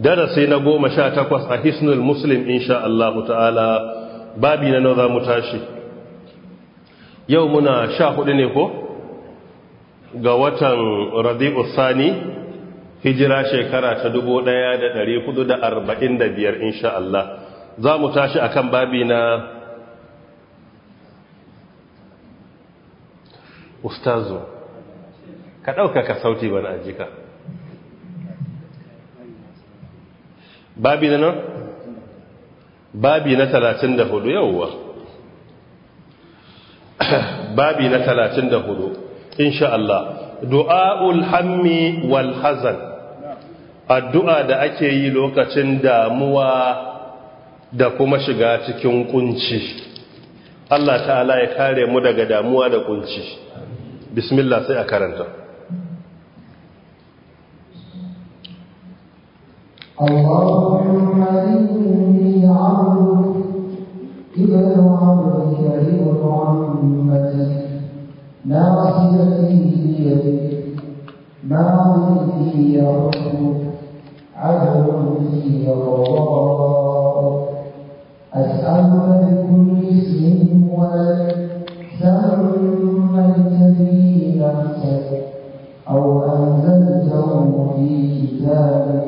darasi na goma sha takwas a hisnul muslim insha Allah ta'ala babi na za mu tashi yau muna sha hudu ne ko ga watan rabi'u sani hijira shekara ta dubu da da da hudu arba'in biyar insha Allah za mu tashi akan babi na ustazu ka ɗaukaka sauti bana ajika babi na nan babi na talatin da yau wa? babi na talatin da in insha Allah du'aul hammi wal hazan addu'a da ake yi lokacin damuwa da kuma shiga cikin kunci Allah ta'ala ya kare mu daga damuwa da kunci bismillah sai a karanta اللهم إني عبدك ابن عبدك ابن عمتك ناصيتي بيدك ماض يا حكمك عدل في قضاءك أسألك بكل اسم ولك سميت به نفسك أو أنزلته في كتابك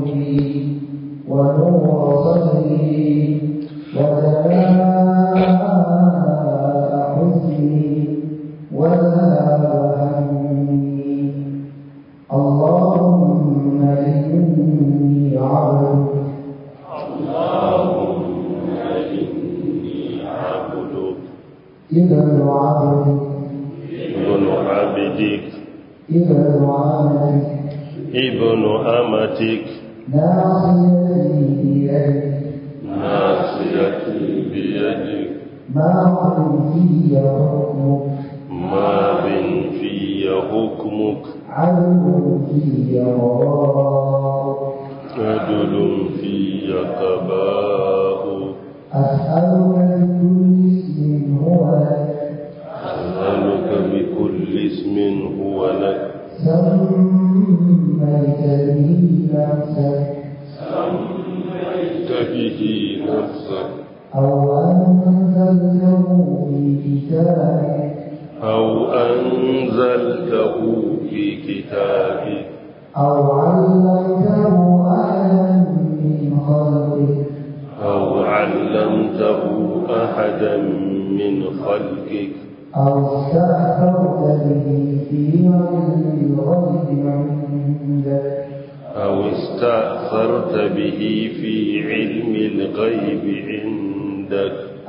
قولي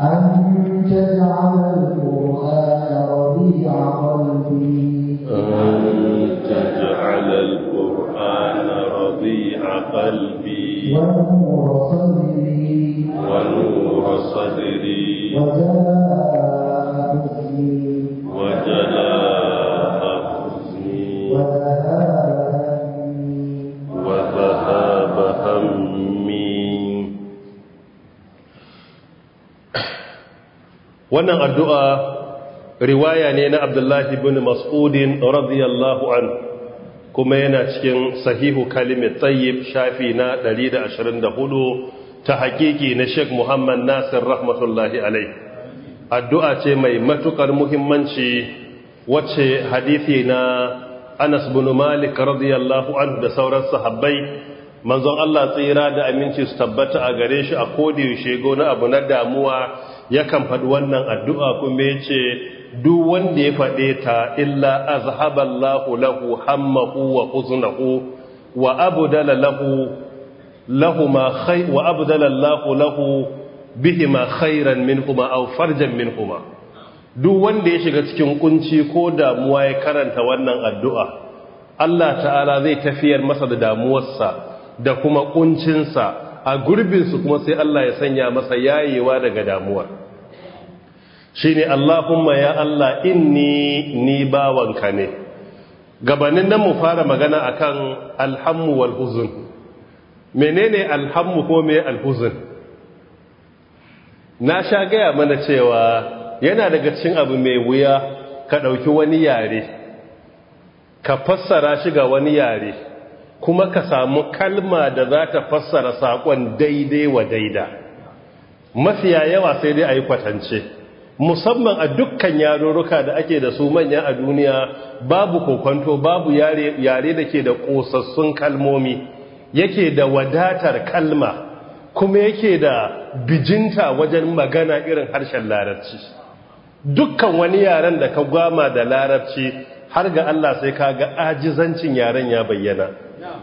أن تجعل القرآن ربيع قلبي أن تجعل القرآن ربيع قلبي ونور صدري ونور صدري وجعل wannan addu'a riwaya ne na abdullahi bin mas'udin radiyallahu an kuma yana cikin sahihu kalimit tsayib shafi na 124 ta hakiki na sheik muhammad nasir rahmatullahi alai addu'a ce mai matukar muhimmanci wacce hadithi na anas bin malik radiyallahu an da sauran sahabbai manzon Allah tsira da aminci su tabbata a gare shi a kodiyo shego na abu na damuwa yakan faɗi wannan addu'a kuma ya ce duk wanda ya faɗe ta illa azhaban lahu hammahu wa kuzunahu, wa abdala lahu lahu bihi wa khairan min lahu bihima farjan minhuma kuma. duk wanda ya shiga cikin kunci ko damuwa ya karanta wannan addu'a Allah ta'ala zai tafiyar masa da damuwarsa da kuma kuncinsa a gurbinsu kuma sai Allah ya sanya masa yayewa daga damuwar shine Allahumma ya Allah inni ni bawanka ne gabanin nan mu fara magana akan alhammu wal menene alhammu ko me alhuzun na sha gaya mana cewa yana daga cikin abu mai wuya ka ɗauki wani yare ka fassara shi ga wani yare kuma ka samu kalma da za ta fassara saƙon daidai wa daida mafiya yawa sai dai a yi kwatance musamman a dukkan yarurruka da ake da su manya a duniya babu kokwanto babu yare, da ke da ƙusassun kalmomi yake da wadatar kalma kuma yake da bijinta wajen magana irin harshen larabci dukkan wani yaren da ka gwama da larabci har ga Allah sai ka ga ajizancin yaren ya bayyana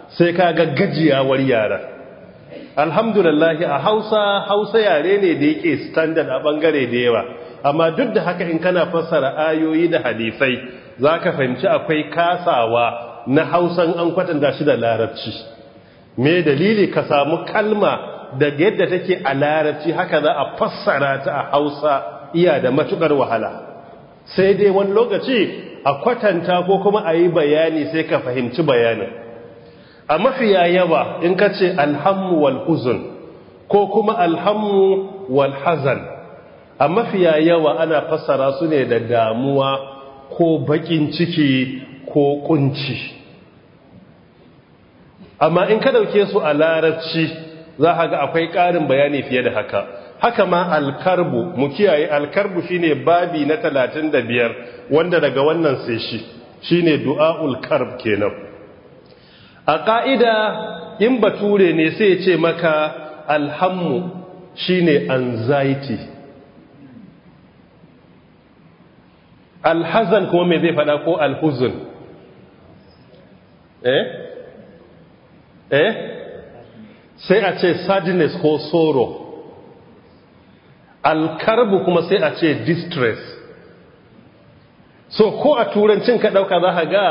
sai ka ga gajiyawar yaren alhamdulillah a hausa hausa yare ne da yake standard a bangare da yawa amma duk da haka in kana fassara ayoyi da hadisai za ka fahimci akwai kasawa na hausan an kwatanta shi da larabci me dalili ka samu kalma daga yadda take a larabci haka za a fassara ta a hausa iya da matukar wahala sai dai wani lokaci a kwatanta ko kuma a yi bayani sai ka fahimci bayanin a mafiya yawa in ka ce alhammu wal uzun ko kuma alhamu wal hazan a mafiya yawa ana fassara su ne da damuwa ko bakin ciki ko kunci amma in ka dauke su a larabci za ka ga akwai ƙarin bayani fiye da haka haka ma alkarbu mu kiyaye alkarbu shine babi na 35 wanda daga wannan sai shi shine du'aul karb kenan a ka'ida in bature ne sai ya ce maka alhammu shine anxiety alhazan kuma mai zai fada ko alhuzun eh eh sai a ce sadness ko soro, alkarbu kuma sai a ce distress so ko a turancin ka dauka za ka ga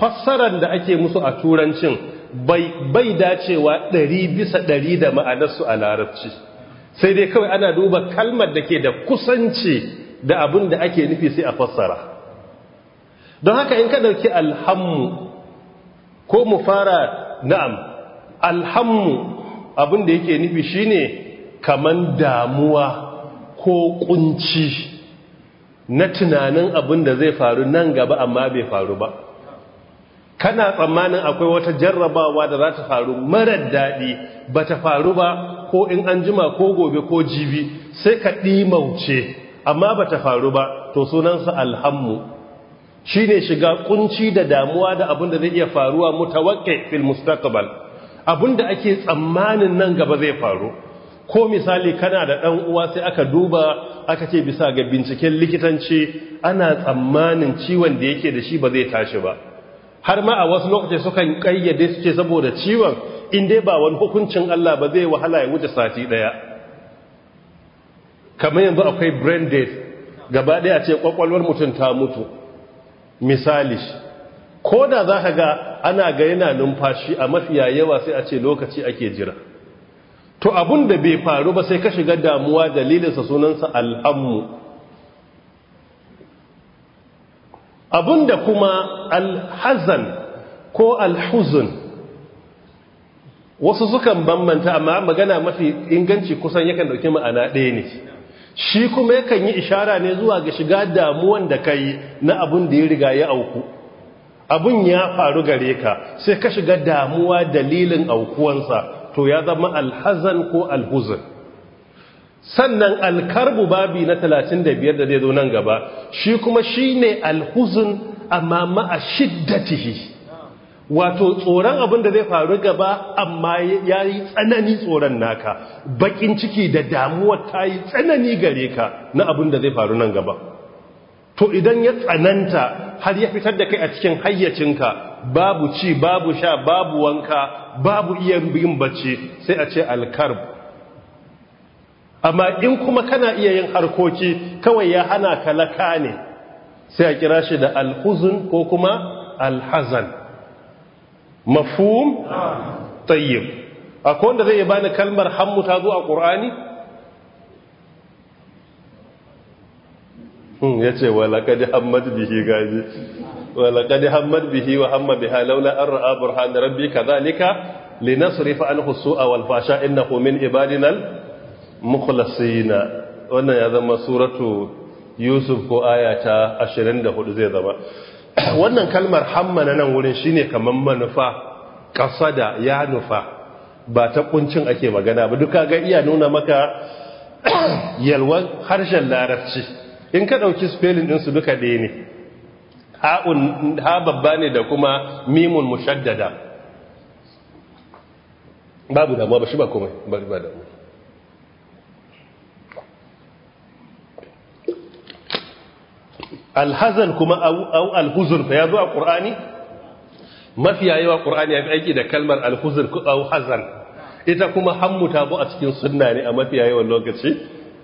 fassarar da ake musu a turancin bai bai dacewa ɗari bisa ɗari da ma'anarsu a larabci sai dai kawai ana duba kalmar da ke da kusanci da abin da ake nufi sai a fassara don haka in ka ɗauki alhammu ko mu fara na'am alhammu abin da yake nufi shine kaman damuwa ko kunci na tunanin abin da zai faru nan gaba amma bai faru ba kana tsammanin akwai wata jarrabawa da za ta faru marar daɗi ba ta faru ba ko in an jima ko gobe ko jibi sai ka ɗimauce amma ba ta faru ba to sunansa alhammu shi ne shiga kunci da damuwa da abin da zai iya faruwa mutawakke fil mustaqbal abin da ake tsammanin nan gaba zai faru ko misali kana da ɗan uwa sai aka duba aka ce bisa ga binciken likitanci ana tsammanin ciwon da yake da shi ba zai tashi ba har ma a wasu lokaci sukan kayyade su ce saboda ciwon in dai ba wani hukuncin Allah ba zai wahala ya wuce sati ɗaya kamar yanzu akwai brain dead gaba ɗaya ce kwakwalwar mutum ta mutu misali ko da za ka ga ana ga yana numfashi a mafiya yawa sai a ce lokaci ake jira to abun da bai faru ba sai ka shiga damuwa dalilinsa sunansa alhammu abun da kuma alhazan ko alhuzun wasu sukan bambanta amma magana mafi inganci kusan yakan dauki ma'ana ɗaya ne shi kuma yakan yi ishara ne zuwa ga shiga damuwan da kai na abun da ya riga ya auku abun ya faru gare ka sai ka shiga damuwa dalilin aukuwansa to ya zama alhazan ko alhuzun sannan alkarbu babi na 35 da zai zo nan gaba shi kuma shine alhuzun amma ma'a shiddatihi wato tsoron abin da zai faru gaba amma ya yi tsanani tsoron naka bakin ciki da damuwa ta yi tsanani gare ka na abin da zai faru nan gaba to idan ya tsananta har ya fitar da kai a cikin hayyacinka babu ci babu sha babu wanka babu iya yin bacci sai a ce alkarb amma in kuma kana iya yin harkoki kawai ya hana ka laka ne sai a kira shi da alhuzun ko kuma alhazan mafhum tayyib akwai wanda zai bani kalmar hammu ta zo a qur'ani hmm yace walaqad hammad bihi gaji walaqad hammad bihi wa hamma biha laula an ra'a burhan rabbi kadhalika linasrifa anhu su'a wal fasha innahu min ibadina al mukhlasina wannan ya zama suratu yusuf ko aya ta 24 zai zama wannan kalmar hammana nan wurin shine kaman manufa kasada ya nufa ba ta ƙuncin ake magana ba duka ga iya nuna maka yalwan harshen larabci in ka dauki spelling din su duka da ne ha'un ha babba ne da kuma mimun mushaddada babu damuwa ba shi ba komai ba da mu alhazan kuma au alhuzur fa ya zo a ƙur'ani mafiya yawa ya fi aiki da kalmar alhuzun au hazan ita kuma hammu ta bu a cikin sunna ne a mafiya yawan lokaci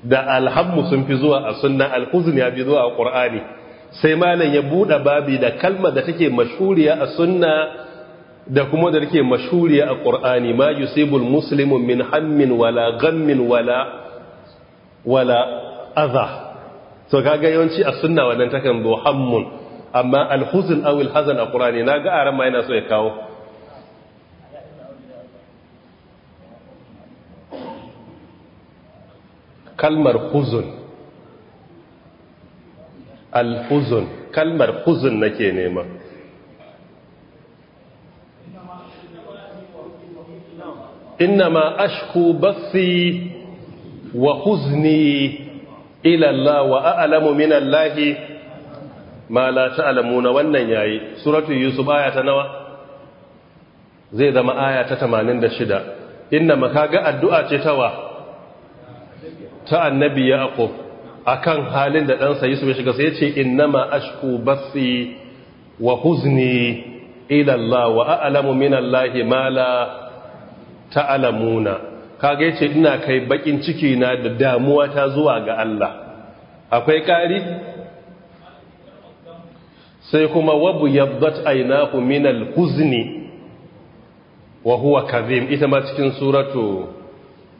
da alhammu sun fi zuwa a sunna alhuzun ya fi zuwa a ƙur'ani sai malam ya buɗe babi da kalmar da take mashuriya a sunna da kuma da take mashuriya a ƙur'ani ma yusibul muslimu min hammin wala ghammin wala wala adha to kaga yawanci a sunna wannan takan zo hammun amma alhuzn aw al-hazan a qur'ani naga aran ma yana so ya kawo kalmar huzun alhuzun kalmar huzun nake nema innama ashku bathi wa huzni ilallah wa a'lamu minallahi ma la ta'lamuna wannan yayi suratul yusuf aya ta nawa zai zama aya ta 86 inna makaga addu'a ce tawa ta annabi yaqub akan halin da dan sayi su ya shiga sai ya ce innama ashku basi wa huzni ilallah wa a'lamu minallahi ma la ta'lamuna kage ce ina kai bakin ciki na da damuwa ta zuwa ga Allah akwai kari sai kuma wabu yabbat aynahu min al-huzni wa huwa kadhim ita ma cikin suratu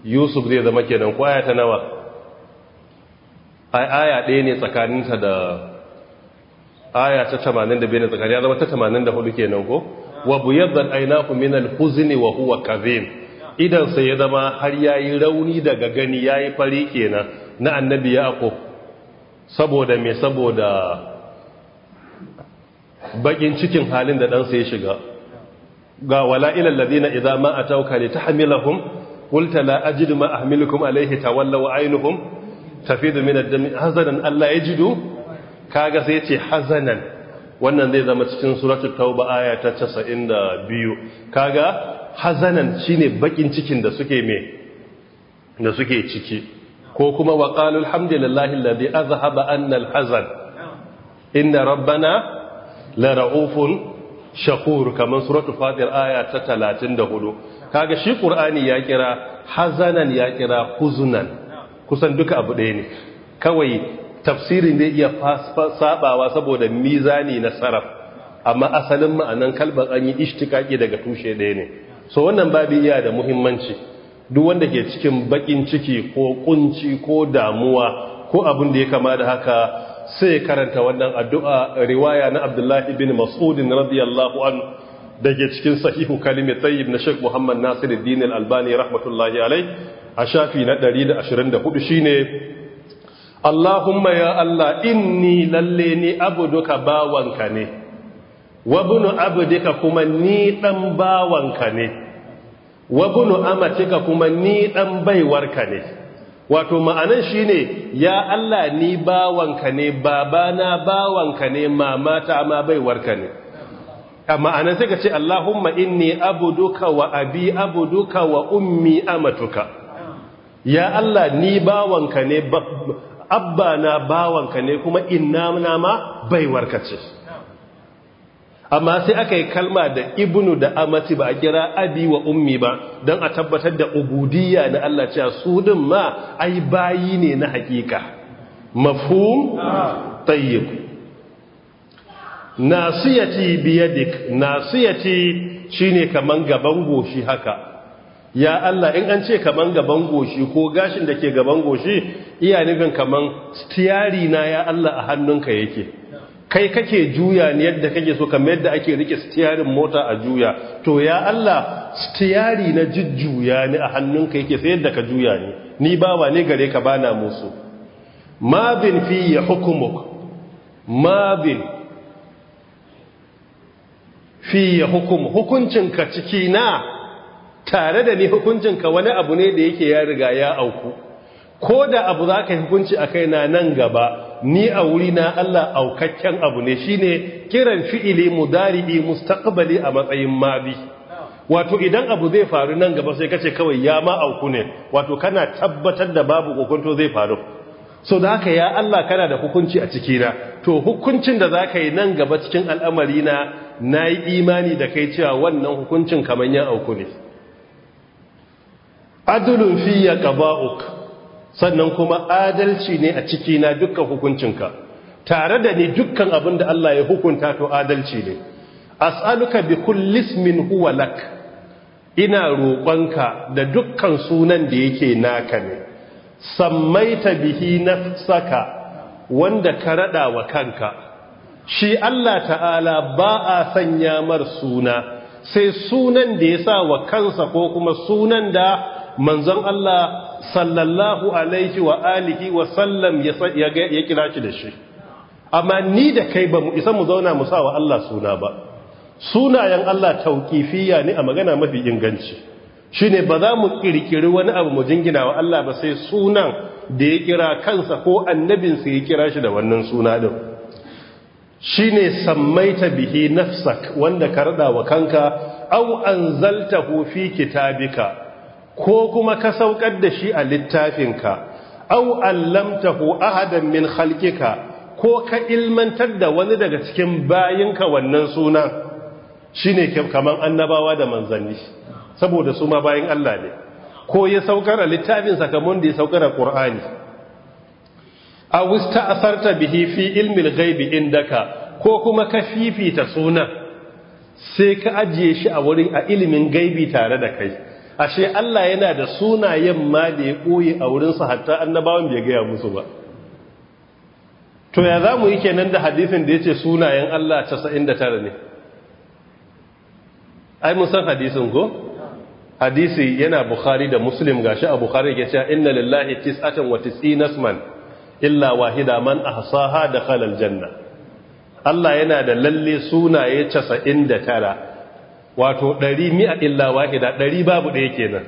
Yusuf zai zama kenan ko ta nawa ai aya ɗaya ne tsakaninta da aya ta 85 ne tsakanin ya zama ta 84 kenan ko wabu yabbat aynahu min al-huzni wa huwa kadhim idansa ya zama har ya yi rauni daga gani yayi fari kenan na annabi yaqub saboda me saboda bakin cikin halin da ɗansa ya shiga ga wala ilal ladina idza ma atawka litahmilahum qulta la ajidu ma ahmilukum alayhi tawallaw aynuhum tafidu min ad-dami hazanan alla yajidu kaga sai yace hazanan wannan zai zama cikin suratul tauba aya ta 92 kaga hazanan shine bakin cikin da suke me da suke ciki ko kuma wa qalu alhamdulillahi alladhi azhaba anna alhazan inna rabbana la raufun shakur kaman suratul fatir aya ta 34 kaga shi ƙur'ani ya kira hazanan ya kira huzunan kusan duka abu ɗaya ne kawai tafsirin zai iya sabawa saboda mizani na saraf amma asalin ma'anan kalbar an yi ishtikaki daga tushe ɗaya ne so wannan babi iya da muhimmanci duk wanda ke cikin bakin ciki ko kunci ko damuwa ko abin da ya kama da haka sai karanta wannan addu'a riwaya na abdullahi bin mas'udin radiyallahu an da ke cikin sahihu kalimai tsayib na sheik muhammad nasiru dini albani rahmatullahi alai a shafi na 124 shi ne allahumma ya allah inni lalle ni abuduka bawanka ne wabunu abudika kuma ni dan bawanka ne wa bunu amatika kuma ni dan baiwarka ne wato ma'anan shine ya Allah ni bawanka ne babana bawanka ne mamata ma baiwarka ne ma'anan sai ka ce Allahumma inni abuduka wa abi abuduka wa ummi amatuka ya Allah ni bawanka ne abba na bawanka ne kuma inna na ma baiwarka ce amma sai aka yi kalma da ibnu da amati ba a kira abi wa ummi ba don a tabbatar da ubudiyya na Allah cewa su din ma ai bayi ne na hakika mafhum tayyib nasiyati biyadik nasiyati shine kaman gaban goshi haka ya Allah in an ce kaman gaban goshi ko gashin da ke gaban goshi iya nufin kaman tiyari na ya Allah a hannunka yake kai kake juya ne yadda kake so kamar yadda ake rike stiyarin mota a juya to ya Allah stiyari na jujjuya ne a hannunka yake sai yadda ka juya ne ni ba ne gare ka bana musu ma bin fi ya hukumuk ma bin fi ya hukum hukuncinka ciki na tare da ni hukuncin ka wani abu ne da yake ya riga ya auku ko da abu za ka yi hukunci a kai na nan gaba ni a wuri na Allah aukakken abu ne shine kiran fi'ili mu mudari'i mustaqbali a matsayin mabi wato idan abu zai faru nan gaba sai kace kawai ya ma auku ne wato kana tabbatar da babu kokonto zai faru so da haka ya Allah kana da hukunci a ciki na to hukuncin da za ka yi nan gaba cikin al'amari na na yi imani da kai cewa wannan hukuncin kamar ya auku ne fiye ka qaba'uk sannan kuma adalci ne a ciki na dukkan hukuncinka tare da ni dukkan abin da Allah ya hukunta to adalci ne as'aluka bi kullis min huwa lak ina roƙonka da dukkan sunan da yake naka ne sammaita bihi nafsaka wanda ka rada wa kanka shi Allah ta'ala ba a sanya mar suna sai sunan da ya sa wa kansa ko kuma sunan da manzon Allah sallallahu alaihi wa alihi wa sallam ya kira shi da shi amma ni da kai ba mu isa mu zauna mu sawa Allah suna ba sunayen Allah tauƙifiya ne a magana mafi inganci shine ba za mu ƙirƙiri wani abu mu jingina wa Allah ba sai sunan da ya kira kansa ko annabin sa ya kira shi da wannan suna din shine sammaita bihi nafsak wanda ka rada wa kanka aw anzaltahu fi kitabika ko kuma ka saukar da shi a littafinka au allamtahu ahadan min khalqika ko ka ilmantar da wani daga cikin bayinka wannan sunan shine kaman annabawa da manzanni saboda su ma bayin Allah ne ko ya saukar a littafin sakamon da ya saukar a Ƙur'ani. a wista asarta bihi fi ilmil ghaibi indaka ko kuma ka fifita sunan sai ka ajiye shi a wurin a ilimin gaibi tare da kai ashe Allah yana da sunayen ma da ya koyi a wurinsa hatta annabawan bai gaya musu ba to ya za mu yi kenan da hadisin da ya ce sunayen Allah 99 ne ai mun san hadisin ko hadisi yana bukhari da muslim gashi a bukhari ke cewa, inna lillahi tis'atan wa tis'ina isman illa wahida man ahsaha dakhala aljanna Allah yana da lalle sunaye 99 wato ɗari mi'a illa wahida ɗari babu ɗaya kenan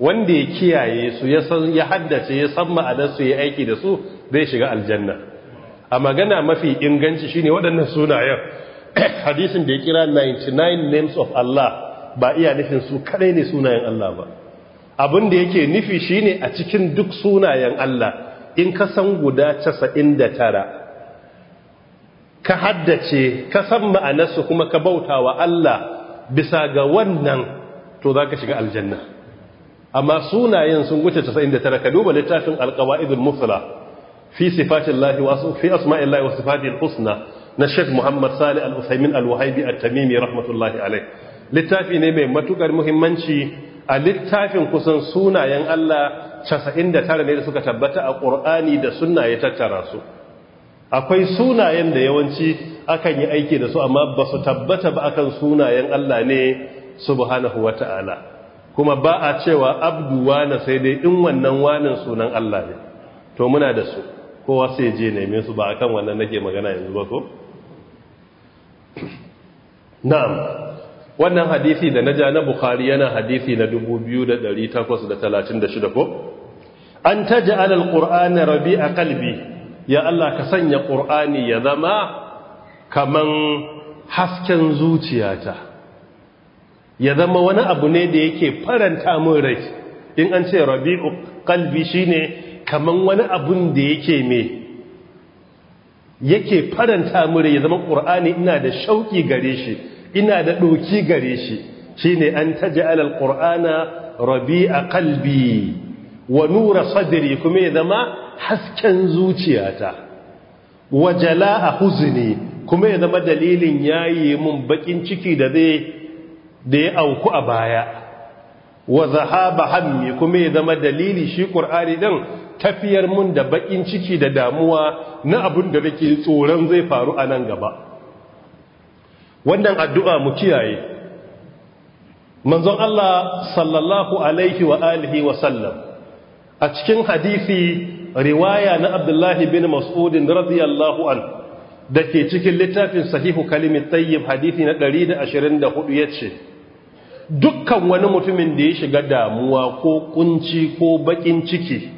wanda ya kiyaye su ya san ya haddace ya san ma'anarsu ya aiki da su zai shiga aljanna a magana mafi inganci shine waɗannan sunayen hadisin da ya kira 99 names of Allah ba iya nufin su kadai ne sunayen Allah ba abin da yake nufi shine a cikin duk sunayen Allah in ka san guda 99 ka haddace ka san ma'anarsu kuma ka bautawa Allah bisa ga wannan to za ka shiga aljanna amma sunayen sun wuce 99 ka duba littafin alkawa'idul Musla, fi sifatin wasu fi asma'in husna na shek muhammad sali al-usaimin al-wahaibi al-tamimi rahmatullahi alai littafi ne mai matukar muhimmanci a littafin kusan sunayen allah 99 ne da suka tabbata a ƙur'ani da sunna ya tattara su akwai sunayen da yawanci akan yi aiki da su amma ba su tabbata ba akan sunayen Allah ne subhanahu wata'ala kuma ba a cewa abdu wana sai dai in wannan wanin sunan Allah ne to muna da su kowa sai je neme su ba akan wannan nake magana yanzu ba ko na'am wannan hadisi da naja na bukhari yana hadisi na 2836 ko an taj'al alqur'ana rabi'a qalbi ya Allah ka sanya qur'ani ya zama kaman hasken zuciyata ya zama wani abu ne da yake faranta mun rai in an ce rabi'u qalbi shine kaman wani abun da yake me yake faranta mun rai ya zama qur'ani ina da shauki gare shi ina da doki gare shi shine an taj'al alqur'ana rabi'a qalbi wa nura sadri kuma ya zama hasken zuciyata wa a huzni kuma ya zama dalilin yayi mun bakin ciki da zai da ya auku a baya wa zahaba hammi kuma ya zama dalili shi qur'ani din tafiyar mun da bakin ciki da damuwa na abun da nake tsoron zai faru a nan gaba wannan addu'a mu kiyaye manzon Allah sallallahu alaihi wa alihi wa sallam a cikin hadisi riwaya na Abdullahi bin Mas'udin radiyallahu anhu da ke cikin littafin sahihu kalimin tayyib hadithi na 124 ya ce dukkan wani mutumin da ya shiga damuwa ko kunci ko bakin ciki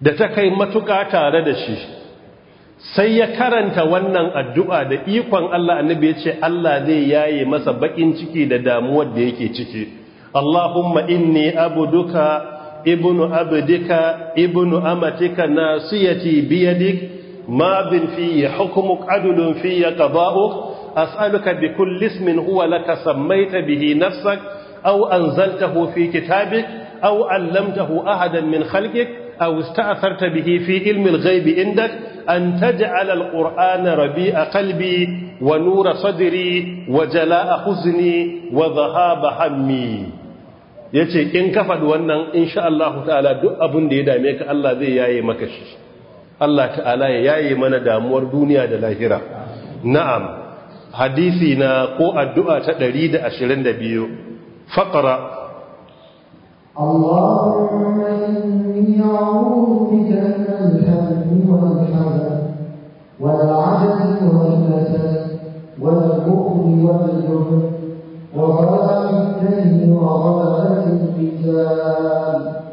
da ta kai matuƙa tare da shi sai ya karanta wannan addu'a da ikon Allah annabi ya ce Allah zai yaye masa bakin ciki da damuwar da yake ciki Allahumma inni abuduka ibnu abdika ibnu amatika nasiyati biyadik mabin fiye, hukumuk adulun fiye ka a tsaluka bi kullis min huwa laka sammaita bihi nafsak, au an zalta fi kitabi, au an lamta hu ahadan min halki, a wusta a bihi fi ilmin gaibi inda, an ta alal ƙur'ana rabi a kalbi, wa nura sadiri, wa jala a huzini, wa zaha ba hammi. Ya ce, in kafa wannan, insha Allah, ta'ala duk abin da ya dame ka Allah zai yaye maka shi. Allah ta'ala ya yaye mana damuwar duniya da lahira na'am hadisi na ko addu'a ta 122 faqra Allahumma inni a'udhu bika min al-hammi wal-hazan wal-'ajzi wal-kasal wal-bukhli wal-jubn wa ghalabi al-dayni wa ghalabi al-rijal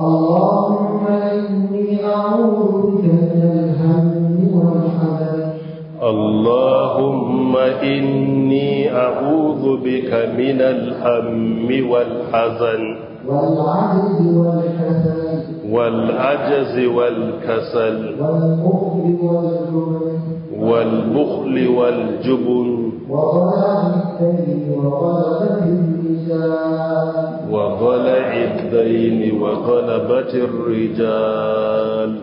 اللهم إني أعوذ بك من الهم والحزن اللهم إني أعوذ بك من الهم والحزن والعجز والكسل والعجز والكسل والبخل والجبن والبخل والجبن وطلع الدين وغلبت الرجال وطلع الدين وغلبت الرجال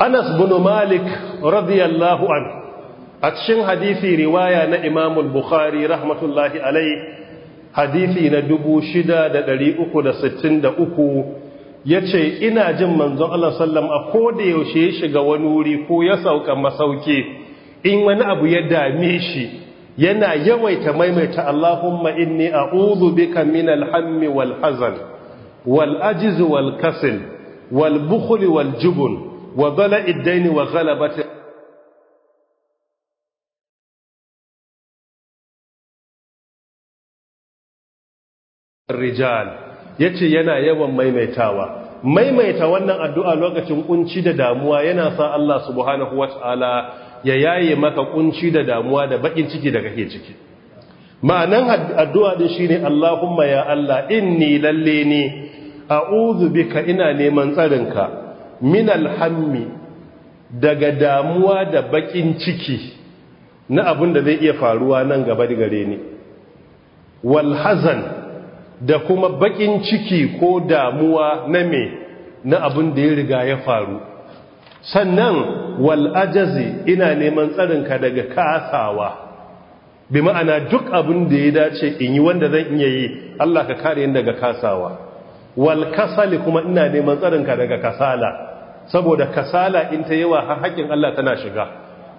أنس بن مالك رضي الله عنه أتشن حديثي رواية إمام البخاري رحمة الله عليه حديثي ندبو شدا دلي أكو دا ستن دا أكو ya ce ina jin manzon Allah sallam a koda yaushe ya shiga wani wuri ko ya sauka masauki in wani abu ya dame shi yana yawaita maimaita Allahumma inni a'udhu bika min al-hammi wal hazan wal ajiz wal kasal wal bukhl wal jubn wa dala'i ad wa ghalabati rijal yace yana yawan maimaitawa maimaita wannan addu'a lokacin kunci da damuwa yana sa Allah subhanahu ya yaye maka kunci da damuwa da bakin ciki da kake ciki ma'anan addu'a din shine Allahumma ya Allah inni lalle ne a'udhu bika ina neman tsarinka min alhammi daga damuwa da bakin ciki na abin da zai iya faruwa nan gaba da gare ni wal hazan da kuma bakin ciki ko damuwa na me na abin da ya riga ya faru sannan wal ajazi ina neman tsarinka daga kasawa bi ma'ana duk abin da ya dace in yi wanda zan iya yi Allah ka kare ni daga kasawa wal kasali kuma ina neman tsarinka daga kasala saboda kasala in ta yawa har hakkin Allah tana shiga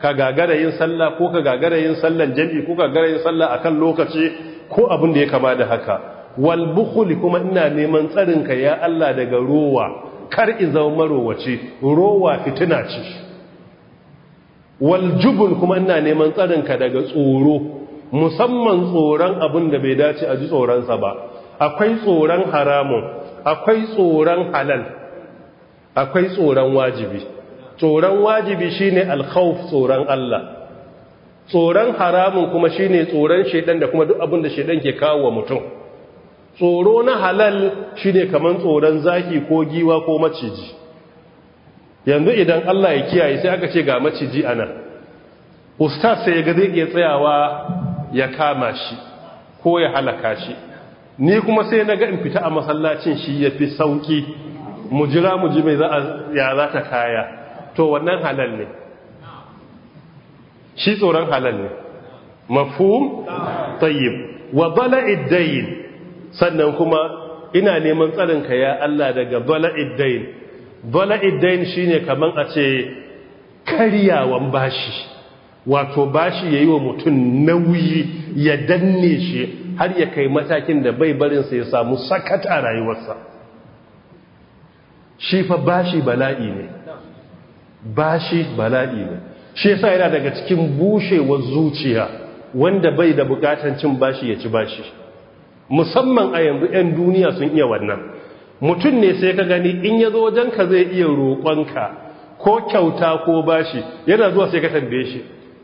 ka gagara yin sallah ko ka gagara yin sallan jami'i ko ka gagara yin sallah akan lokaci ko abin da ya kama da haka wal bukhli kuma ina neman tsarinka ya Allah daga ruwa. kar zama marowaci rowa fitina ce waljubun kuma ina neman tsarinka daga tsoro musamman tsoron abin da bai dace a ji tsoronsa ba akwai tsoron haramun akwai tsoron halal akwai tsoron wajibi tsoron wajibi shine alkhawf tsoron Allah tsoron haramun kuma shine tsoron shaidan da kuma duk abin da shaidan ke kawo wa mutum tsoro na halal shine kamar tsoron zaki ko giwa ko maciji yanzu idan Allah ya kiyaye sai aka ce ga maciji ana ustaz sai ga zai iya tsayawa ya kama shi ko ya halaka shi ni kuma sai na ga in fita a masallacin shi ya fi sauki mu jira mu ji mai ya za ta kaya to wannan halal ne shi tsoron halal ne mafhum tayyib wa bala iddayn sannan kuma ina neman tsarinka ya Allah daga bala'iddain bala'iddain shine kamar a ce karyawan bashi wato bashi yayi wa mutum nauyi ya danne shi har ya kai matakin da bai barinsa ya samu sakata rayuwarsa shi fa bashi bala'i ne bashi bala'i ne shi yasa yana daga cikin bushewar zuciya wanda bai da bukatan cin bashi ya ci bashi musamman a yanzu 'yan duniya sun iya wannan mutum ne sai ka gani in ya zo wajenka zai iya roƙonka ko kyauta ko bashi yana zuwa sai ka tambaye shi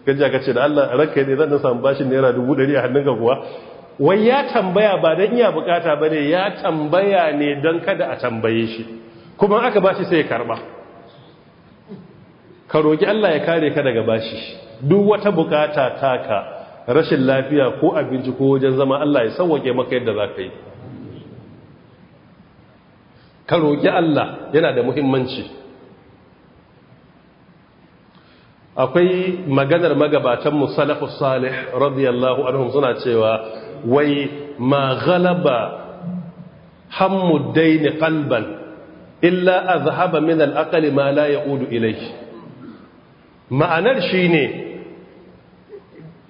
gajiya ka ce da Allah ranka ne zan samu bashin naira dubu ɗari a hannunka kuwa wai ya tambaya ba don iya bukata ba ne ya tambaya ne don kada a tambaye shi kuma aka bashi sai ya ka roƙi Allah ya kare ka daga bashi duk wata bukata taka rashin lafiya ko abinci ko wajen zama Allah ya sauwake maka yadda za ka yi ka roƙi Allah yana da muhimmanci akwai maganar magabatan musalafu salih radiyallahu anhum suna cewa wai ma galaba hammudaini kalban illa azhaba min al-aqli ma la yaudu ilayhi ma'anar shine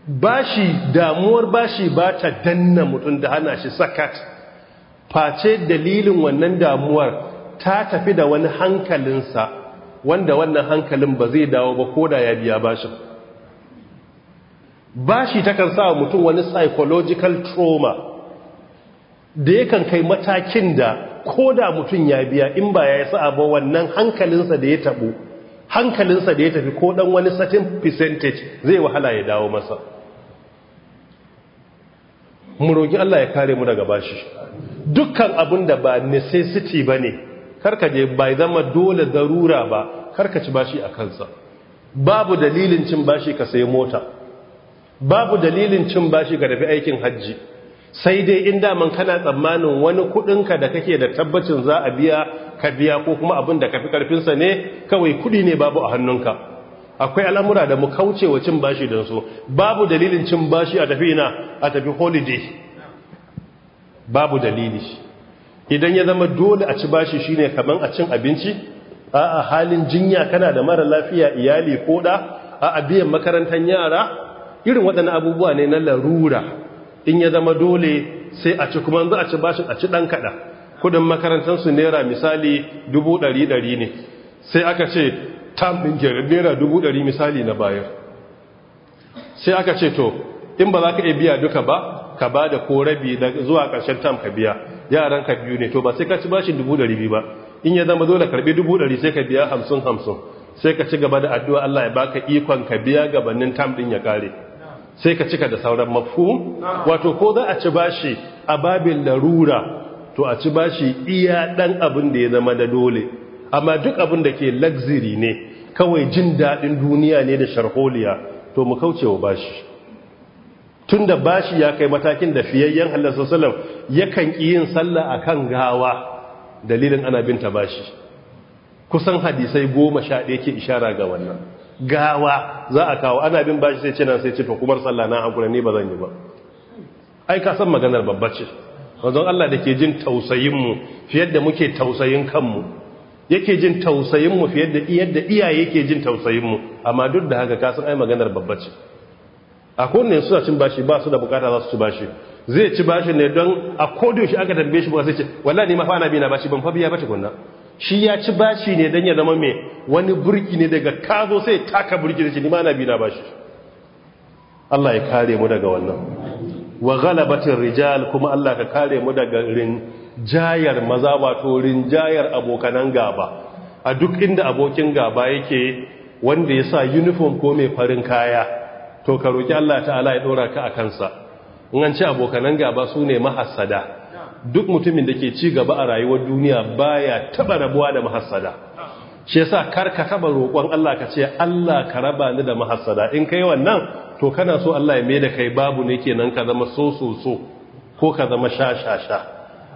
bashi damuwar bashi ba ta danna mutum da hana shi sakat face dalilin wannan damuwar ta tafi da wani hankalinsa wanda wannan hankalin ba zai dawo ba ko da ya biya bashi. bashi takan sa mutum wani psychological trauma da ya kan kai matakin da ko da mutum ya biya in ba ya sa ba wannan hankalinsa da ya tabo hankalinsa da ya tafi ko dan wani certain percentage zai wahala ya dawo masa mu roƙi Allah ya kare mu daga bashi dukkan abin da ba necessity ba ne je bai zama dole darura ba karka ci bashi a kansa babu dalilin cin bashi ka sayi mota babu dalilin cin bashi ka tafi aikin hajji sai dai in daman kana tsammanin wani kudinka da kake da tabbacin za a biya ka biya ko kuma abin da ka fi karfinsa ne kawai kudi ne babu a hannunka akwai al'amura da mu kauce wa cin bashi don su babu dalilin cin bashi a tafi na a tafi holiday babu dalili idan ya zama dole a ci bashi shine kamar a cin abinci a halin jinya kana da mara lafiya iyali ko da a biyan makarantar yara irin waɗannan abubuwa ne na larura in ya zama dole sai a ci kuma za a ci bashin a ci ɗan kaɗa kudin makarantarsu naira misali dubu ɗari ɗari ne sai aka ce tam ɗin ke naira dubu ɗari misali na bayar sai aka ce to in ba za ka iya biya duka ba ka ba da ko rabi zuwa ƙarshen tam ka biya yaran ka biyu ne to ba sai ka ci bashin dubu ɗari biyu ba in ya zama dole karbi dubu ɗari sai ka biya hamsin hamsin sai ka ci gaba da addu'a Allah ya baka ikon ka biya gabanin tam ɗin ya kare sai ka cika da sauran mafhum wato ko za a ci bashi a babin larura to a ci bashi iya ɗan abin da ya zama da dole amma duk abin da ke luxury ne kawai jin daɗin duniya ne da sharholiya to mu kauce wa bashi tun da bashi ya kai matakin da fiyayyen halarsa salam yakan yin sallah a kan gawa dalilin ana binta bashi kusan hadisai goma sha ɗaya ke ishara ga wannan gawa za a kawo ana bin bashi sai ce na sai ce to kumar sallah na hankula ne ba zan yi ba ai ka san maganar babba ce wanzan Allah da ke jin tausayinmu fiye da muke tausayin kanmu yake jin tausayin mu fiye da yadda iyaye yake jin tausayin mu amma duk da haka kasan ai maganar babba ce a kowanne suna cin bashi ba su da bukata za su ci bashi zai ci bashi ne don a kodo shi aka tambaye shi ba sai ce wallahi ni ma fa ana bi na bashi ban fa biya ba gonna shi ya ci bashi ne dan ya zama me wani burki ne daga kazo sai taka burki da shi ni ma ana bi na bashi Allah ya kare mu daga wannan wa ghalabatir rijal kuma Allah ka kare mu daga rin jayar maza torin jayar abokanan gaba a duk inda abokin gaba yake wanda ya sa uniform ko mai farin kaya to ka roki Allah ta'ala ya dora ka a kansa in an ce abokanan gaba su ne mahassada duk mutumin da ke ci gaba a rayuwar duniya baya taba rabuwa da mahassada shi yasa kar ka taba roƙon Allah ka ce Allah ka raba ni da mahassada in kai wannan to kana so Allah ya mai da kai babu ne kenan ka zama so so so ko ka zama sha sha sha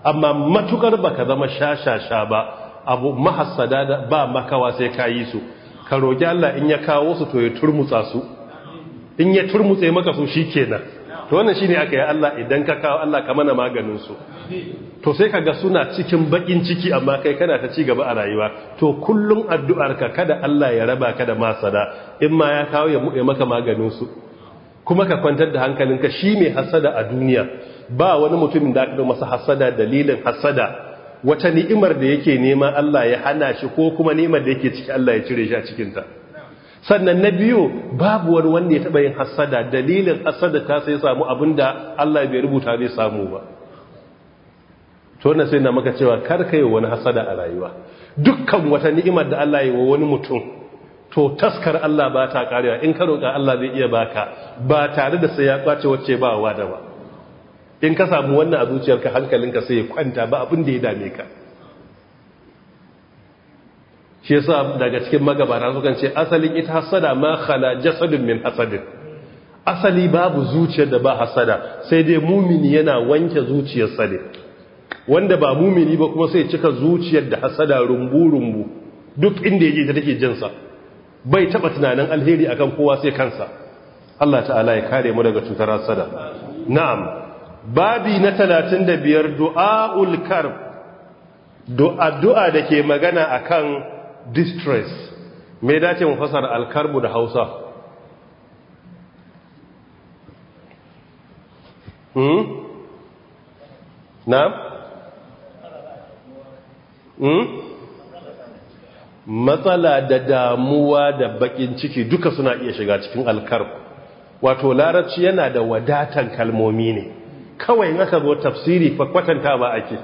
amma matukar ba ka zama sha shashasha ba abu mahassada ba makawa sai ka yi su ka roƙi Allah in ya kawo su to ya turmutsa su in ya turmutse maka su shi kenan, to wannan shi ne aka yi Allah idan ka kawo Allah ka mana maganinsu. to sai ka ga suna cikin bakin ciki amma kai kana ta ci gaba a rayuwa to kullum addu'arka kada Allah ya raba ka da masada in ma ya kawo ya maka maganinsu. kuma ka kwantar da hankalinka shi mai hasada a duniya ba wani mutumin da aka masa hasada dalilin hasada wata ni'imar da yake nema Allah ya hana shi ko kuma ni'imar da yake ciki Allah ya cire shi a cikin ta sannan na biyu babu wani wanda ya taba yin hasada dalilin hasada ta sai samu abin da Allah bai rubuta bai samu ba to na sai na maka cewa kar ka yi wani hasada a rayuwa dukkan wata ni'imar da Allah ya wa wani mutum to taskar Allah ba ta karewa in ka roƙa Allah zai iya baka ba tare da sai ya kwace wacce ba wa da ba in ka samu wannan a zuciyarka hankalinka sai ya kwanta ba abin da ya dame ka shi yasa daga cikin magabata sukan ce asalin ita hasada ma khala jasadun min hasadin asali babu zuciyar da ba hasada sai dai mumini yana wanke sa ne wanda ba mumini ba kuma sai cika zuciyar da hasada rumbu-rumbu duk inda yake ta take jinsa bai taba tunanin alheri akan kowa sai kansa Allah ta'ala ya kare mu daga cutar hasada na'am babi na talatin da biyar du'aul karb addu'a da ke magana akan distress me dace mu alkarbu da Hausa hmm na hmm matsala da damuwa da bakin ciki duka suna iya shiga cikin alkarbu wato larabci yana da wadatan kalmomi ne kawai in aka zo tafsiri fa kwatanta ba ake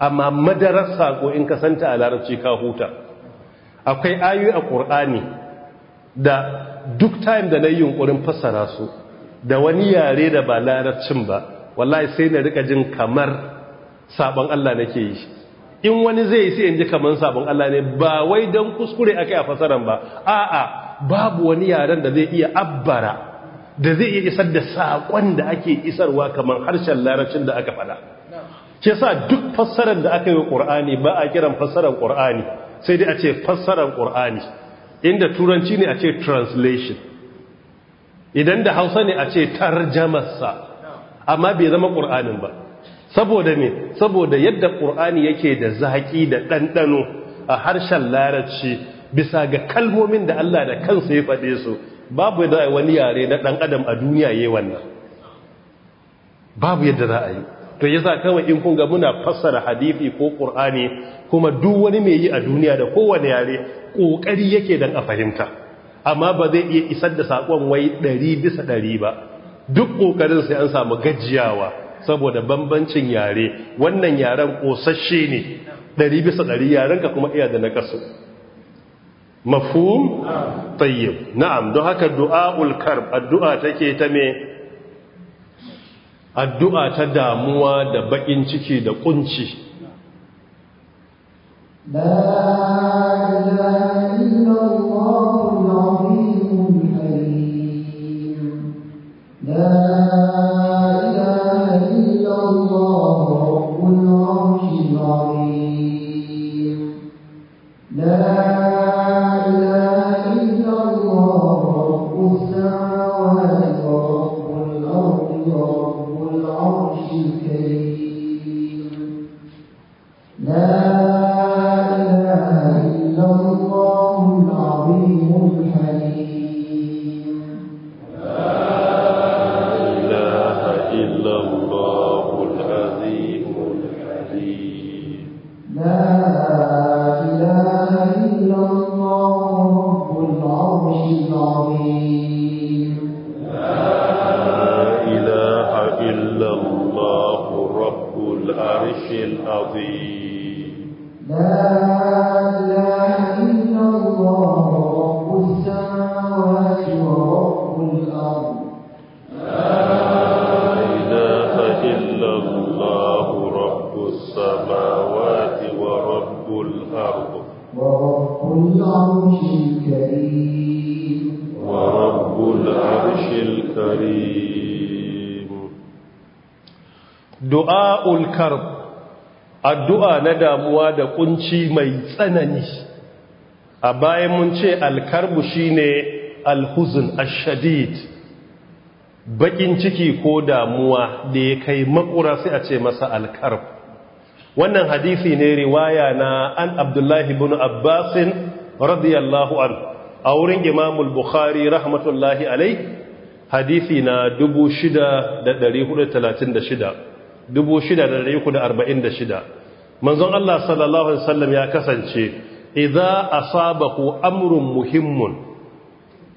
amma madarar sako in ka santa a larabci ka huta akwai ayoyi a qur'ani da duk time da na yi yunkurin fassara su da wani yare da ba larabcin ba wallahi sai na rika jin kamar sabon Allah nake yi in wani zai yi sai in ji kamar sabon Allah ne ba wai dan kuskure akai a fasaran ba a'a babu wani yaren da zai iya abbara da zai iya isar da saƙon da ake isarwa kamar harshen larabcin da aka fada ke sa duk fassarar da aka yi ƙur'ani ba a kiran fassarar ƙur'ani sai dai a ce fassarar ƙur'ani inda turanci ne a ce translation idan da hausa ne a ce tarjamarsa amma bai zama ƙur'anin ba saboda ne saboda yadda ƙur'ani yake da zaƙi da ɗanɗano a harshen laraci bisa ga kalmomin da Allah da kansa ya faɗe su babu yadda wani yare na dan adam a duniya yi wannan babu yadda za a yi to yasa kawai in kun ga muna fassara hadisi ko qur'ani kuma duk wani mai yi a duniya da kowane yare kokari yake dan a fahimta amma ba zai iya isar da saƙon wai 100 bisa 100 ba duk kokarin sai an samu gajiyawa saboda bambancin yare wannan yaren kosasshe ne 100 bisa 100 yarenka kuma iya da nakasu mafhum tayyib na'am don haka du'aul karb addu'a take ta me addu'a ta damuwa da bakin ciki da kunci la ilaha illallah la ilaha illallah du'a'ul karb addu'a na damuwa da kunci mai tsanani a bayan mun ce alkarbu shine alhuzun ashadid bakin ciki ko damuwa da ya kai makura sai a ce masa alkarb wannan hadisi ne riwaya na an abdullahi bin abbasin radiyallahu an a wurin imamul bukhari rahmatullahi alai hadisi na 6436 6,346 manzon Allah sallallahu Alaihi wasallam ya kasance idza asabahu amrun muhimmun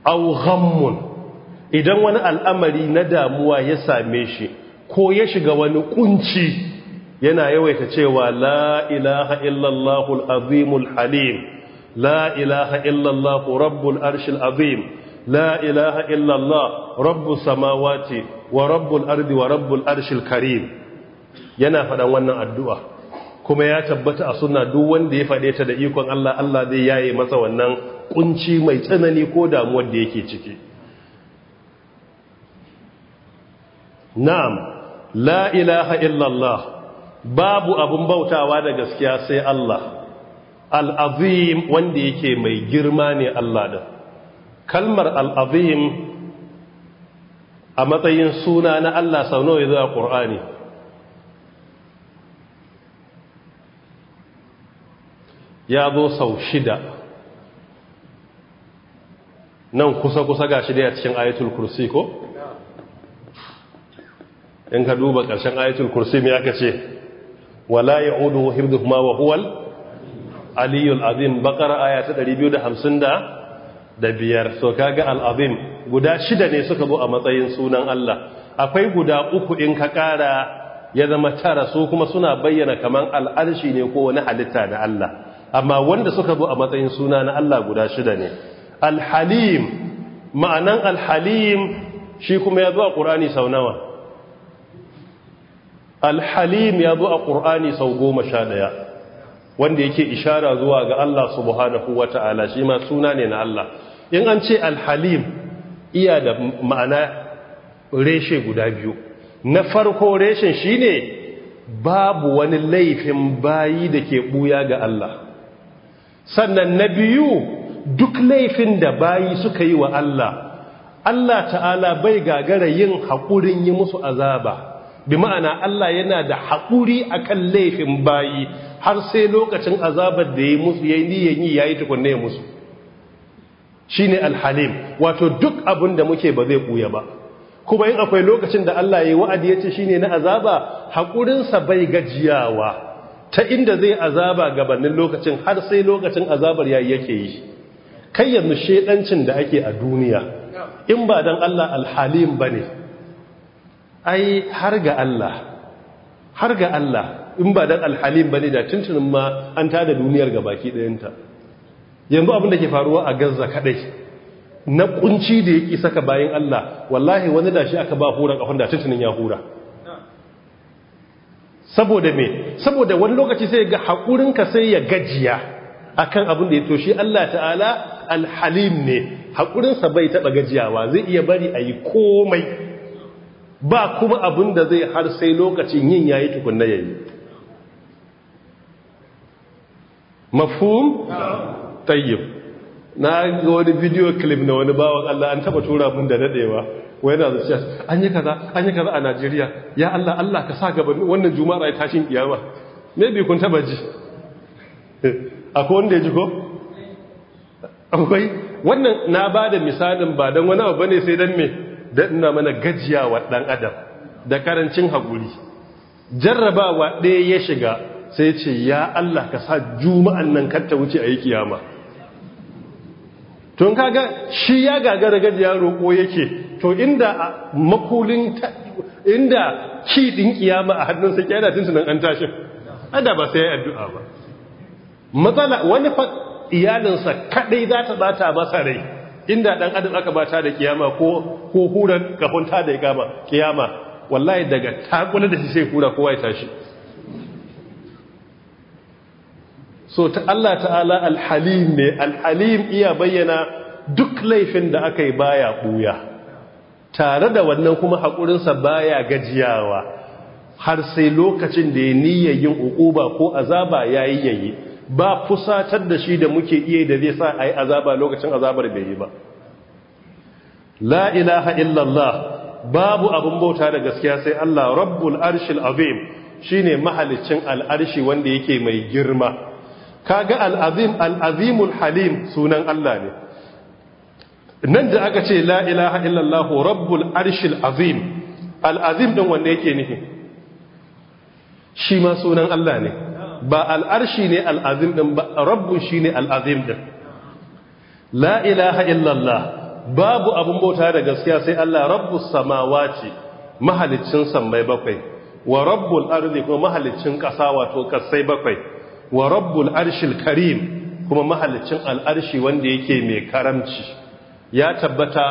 aw ghammun idan wani al'amari na damuwa ya same shi ko ya shiga wani kunci yana yawaita cewa la ilaha illallahul azimul halim la ilaha illallahu rabbul arshil azim la ilaha illallah rabbus samawati wa rabbul ardi wa rabbul arshil karim yana faɗan wannan addu'a kuma ya tabbata a suna duk wanda ya faɗe ta da ikon Allah Allah zai yaye masa wannan kunci mai tsanani ko damuwar da yake ciki na'am lailaha illallah babu abin bautawa da gaskiya sai Allah al'azim wanda yake mai girma ne Allah da kalmar al'azim a matsayin suna na Allah sau nawa ya zuwa ƙur'ani ya zo sau shida nan kusa-kusa ga shi da ya cikin ayatul kursi ko? in ka duba ƙarshen ayatul kursi mai aka ce wala ya odu hirdu kuma wa huwal aliyul azim bakara aya 255 so kaga azim guda shida ne suka zo a matsayin sunan Allah akwai guda uku in ka kara ya zama tara su kuma suna bayyana kamar al'arshi ne ko wani halitta da Allah amma wanda suka zo a matsayin suna na Allah guda shida ne alhalim ma'anan alhalim shi kuma ya zo a ƙur'ani sau nawa alhalim ya zo a ƙur'ani sau goma sha ɗaya wanda yake ishara zuwa ga Allah subhanahu wa ta'ala shi ma suna ne na Allah in an ce alhalim iya da ma'ana reshe guda biyu na farko reshen shi ne babu wani laifin bayi da ke ɓuya ga Allah sannan na biyu duk laifin da bayi suka yi wa Allah Allah ta'ala bai gagara yin haƙurin yi musu azaba bi ma'ana Allah yana da haƙuri a kan laifin bayi har sai lokacin azabar da ya musu ya yi ya yi tukunne musu shi ne alhalim wato duk abin da muke ba zai ɓuya ba kuma yin akwai lokacin da Allah ya yi wa'adi ya ce shi ne na azaba haƙurinsa bai gajiyawa ta inda zai azaba gabanin lokacin har sai lokacin azabar yayi yake yi kai yanzu shedancin da ake a duniya in ba dan Allah alhalim bane ai har ga Allah har ga Allah in ba dan alhalim bane da tuntunin ma an tada duniyar ga baki ɗayanta. yanzu abin da ke faruwa a gazza kaɗai na kunci da yake saka bayan Allah wallahi wani da shi aka ba hura kafin da tuntunin ya hura saboda me saboda wani lokaci sai ga haƙurinka sai ya gajiya akan abin da ya toshe, Allah ta'ala alhalim ne haƙurinsa bai taɓa gajiyawa zai iya bari a yi komai ba kuma abin da zai har sai lokacin yin yayi tukunna yayi mafhum tayyib na ga wani video clip na wani bawan Allah an taba tura mun da nadewa wai na zuciya an yi kaza an yi kaza a Najeriya ya Allah Allah ka sa gaban wannan juma'a ya tashin kiyama bi kun taba ji akwai wanda ya ji ko akwai wannan na bada misalin ba dan wani abu bane sai dan me dan ina mana gajiyawa dan adam da karancin hakuri jarrabawa ɗaya ya shiga sai ce ya Allah ka sa juma'an nan kar ta wuce a yi kiyama tun kaga shi ya gagara gajiya roƙo yake to inda makulin inda ki ɗin ƙiyama a hannunsa ke yana tuntunan an tashi ada ba sai ya addu'a ba matsala wani fa iyalinsa kaɗai za ta bata masa rai inda ɗan adam aka bata da ƙiyama ko hurar kafin ta da kiyama ƙiyama wallahi daga takula da shi sai kura kowa ya tashi so ta Allah ta'ala alhalim ne alhalim iya bayyana duk laifin da aka yi baya buya tare da wannan kuma haƙurinsa baya gajiyawa har sai lokacin da ya niyayin uquba ko azaba yayi yayi ba fusatar da shi da muke iya da zai sa ayi azaba lokacin azabar bai yi ba la ilaha illallah babu abun bauta da gaskiya sai Allah rabbul arshil azim shine mahaliccin al'arshi wanda yake mai girma kaga al'azim al'azimul halim sunan Allah ne nan da aka ce la ilaha illallah rabbul arshil azim al'azim din wanda yake nufi shi ma sunan Allah ne ba al'arshi ne al'azim din ba rabbun shi ne al'azim din la ilaha illallah babu abin bauta da gaskiya sai Allah rabbus samawati mahaliccin sammai bakwai wa rabbul ardi ko mahaliccin ƙasa wato ƙasai bakwai wa rabbul arshil karim kuma mahallicin al'arshi wanda yake mai karamci ya tabbata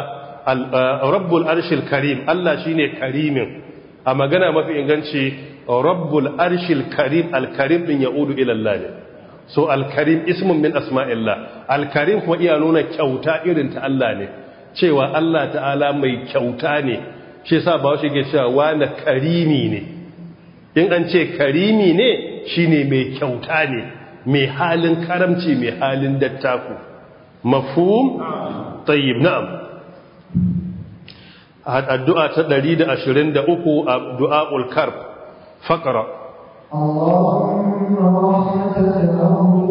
uh, rabbul arshil karim Allah shine karimin a magana mafi inganci rabbul arshil karim al-karim din ya'udu ila Allah so al-karim ismun min asma'illah al-karim kuma iya nuna kyauta irin ta Allah ne cewa Allah ta'ala mai kyauta ne shi yasa ba shi ke cewa wani karimi ne in an ce karimi ne shine mai kyauta ne mai halin karamci mai halin dattaku mafhum tayyib na'am addu'a ta 123 addu'aul karb faqra Allahumma rahmataka amru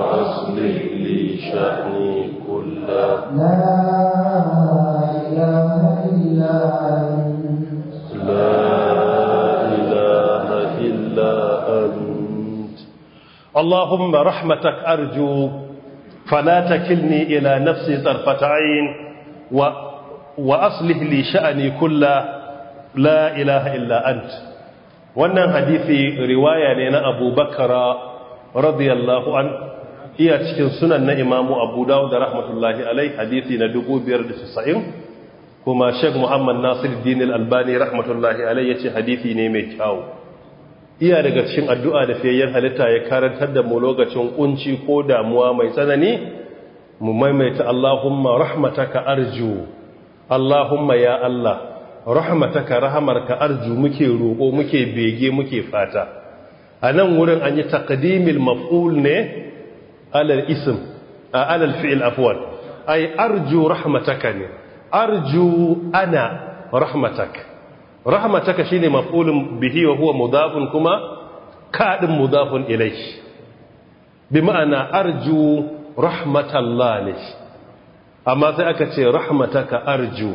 وأصلح لي شأني كله لا إله إلا أنت لا إله إلا أنت اللهم رحمتك أرجو فلا تكلني إلى نفسي طرفة عين وأصلح لي شأني كله لا إله إلا أنت wannan رواية لنا أبو بكر رضي الله عنه iya cikin sunan na imamu abu dawo da rahmatullahi alai hadisi na da 5,090 kuma sheik muhammad nasir dinil albani rahmatullahi alai ya ce hadisi ne mai kyawu iya daga cikin addu'a da yin halitta ya karantar da mu lokacin kunci ko damuwa mai tsanani mu maimaita allahumma rahmataka arju allahumma ya allah rahmataka rahamarka arju muke roƙo muke bege muke fata a nan wurin an yi takadimil maf'ul ne alal a alal fi'il afwan ay arju rahmataka ne arju ana rahmatak rahmataka shine maf'ulun bihi wa huwa mudafun kuma kaɗin mudafun ilai, bi ma'ana arju rahmatallahi amma sai aka ce rahmataka arju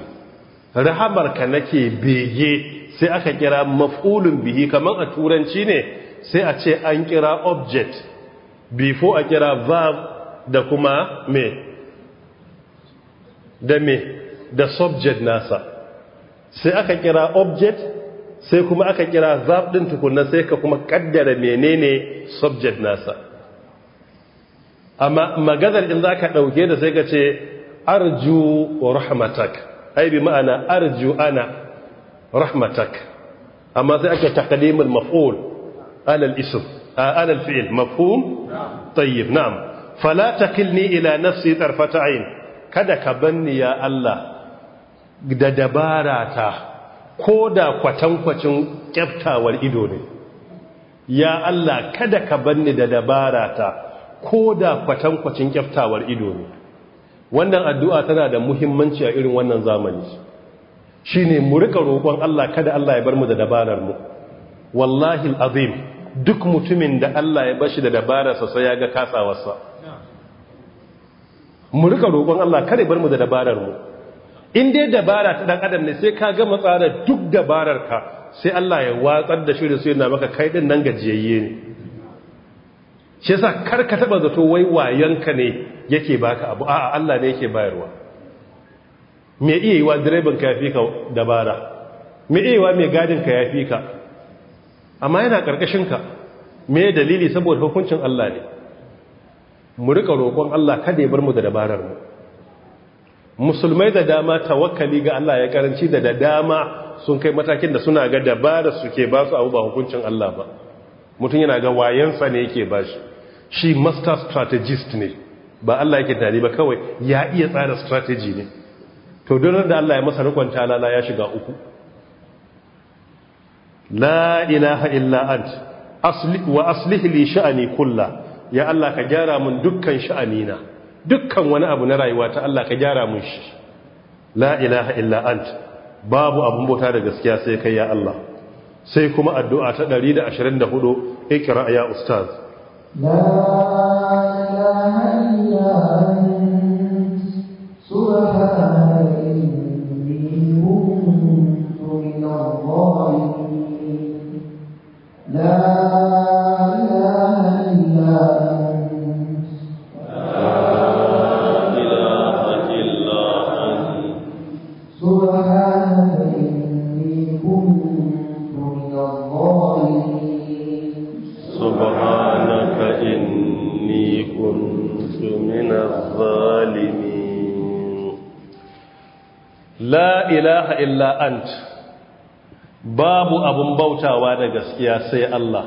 rahamarka nake bege sai aka kira maf'ulun bihi kaman a turanci ne sai a ce an kira object Bifo a kira verb da kuma me da me da subject nasa sai aka kira object sai kuma aka kira verb din tukunna sai ka kuma kaddara menene subject nasa amma maganar in zaka dauke da sai ka ce arju rahmatak ai bi ma'ana arju ana rahmatak amma sai aka taqdimul maf'ul ala al-ism على الفعل مفهوم طيب نعم فلا تكلني إلى نفسي طرفة عين kada ka يا ya Allah da dabara ta ko da الله kyaftawar ido ne ya Allah kada ka banni da dabara ta kwatankwacin kyaftawar ido ne wannan addu'a tana da muhimmanci a irin wannan zamani shine mu rika roƙon Allah kada Allah ya bar mu da dabararmu. mu wallahi alazim duk mutumin da Allah ya bashi da dabararsa sai ya ga kasawarsa mu rika roƙon Allah kare bar mu da dabarar mu in dai dabara ta dan adam ne sai ka ga matsara duk dabarar ka sai Allah ya watsar da shirin sai yana maka kai din nan gajiyayye ne shi yasa kar ka taba zato wai wayanka ne yake baka abu a'a Allah ne yake bayarwa me iya yiwa direban ka yafi ka dabara me iya yiwa mai gadin ka yafi ka amma yana ka me dalili saboda hukuncin Allah ne mu rika roƙon Allah kada ya bar mu da dabarar mu musulmai da dama tawakkali ga Allah ya karanci da da dama sun kai matakin da suna ga dabara su ke ba su abu ba hukuncin Allah ba mutum yana ga wayansa ne yake ba shi shi master strategist ne ba Allah yake tare ba kawai ya iya tsara strategy ne to don da Allah ya masa rukunta talala ya shiga uku la ilaha illa ant wa aslih li sha'ani kulla ya Allah ka gyara mun dukkan sha'anina dukkan wani abu na rayuwa ta Allah ka gyara mun shi la ilaha illa ant babu abun bota da gaskiya sai kai ya Allah sai kuma addu'a ta 124 ikra ya ustaz la ilaha ant babu abun bautawa da gaskiya sai Allah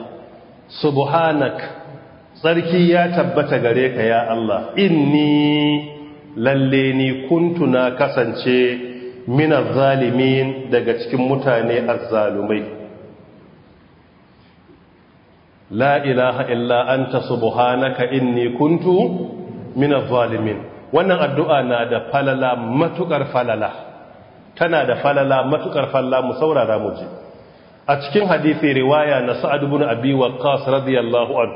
subhanak Sarki ya tabbata gare ka ya Allah inni lalle ni kuntuna kasance minar zalimin daga cikin mutane azzalumai la ilaha illa anta subhanaka inni kuntu minar zalimin wannan addu'a na da falala matukar falala tana da falala matukar falala mu saurara mu ji a cikin hadisi riwaya na sa'ad ibn abi waqqas radiyallahu an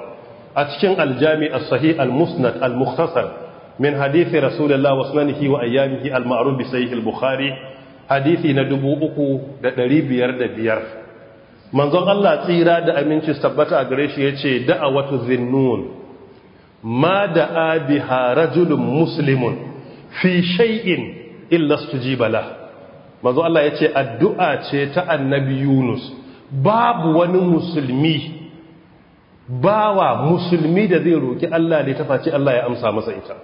a cikin aljami as-sahih al-musnad al-mukhtasar min hadisi rasulullah wa sunanihi wa ayyamihi al-ma'ruf bi sahih al-bukhari hadisi na 3505 manzon Allah tsira da aminci tabbata a gare shi yace da'awatu zinnun ma da'a biha rajulun muslimun fi shay'in illa stujiba lahu manzo Allah ya ce addu'a ce ta annabi Yunus babu wani musulmi bawa musulmi da zai roƙi Allah ne ta face Allah ya amsa masa ita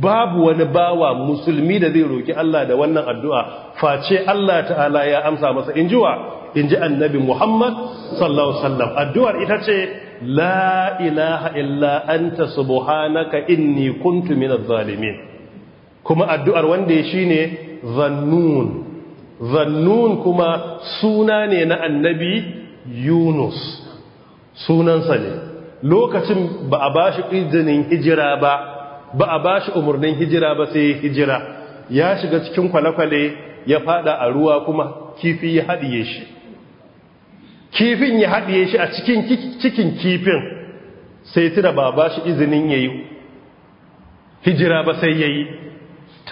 babu wani bawa musulmi da zai roƙi Allah da wannan addu'a face Allah ta'ala ya amsa masa in jiwa in ji annabi Muhammad sallallahu sallam addu'ar ita ce la ilaha illa anta subhanaka inni kuntu minaz zalimin kuma addu'ar wanda ya shine zannun zannun kuma suna ne na annabi yunus sunansa ne lokacin ba a ba shi izinin hijira ba ba a ba shi umarnin hijira ba sai hijira ya shiga cikin kwale-kwale ya fada a ruwa kuma kifi ya haɗiye shi kifin ya haɗiye shi a cikin cikin kifin sai tuna ba ba shi izinin ya yi hijira ba sai ya yi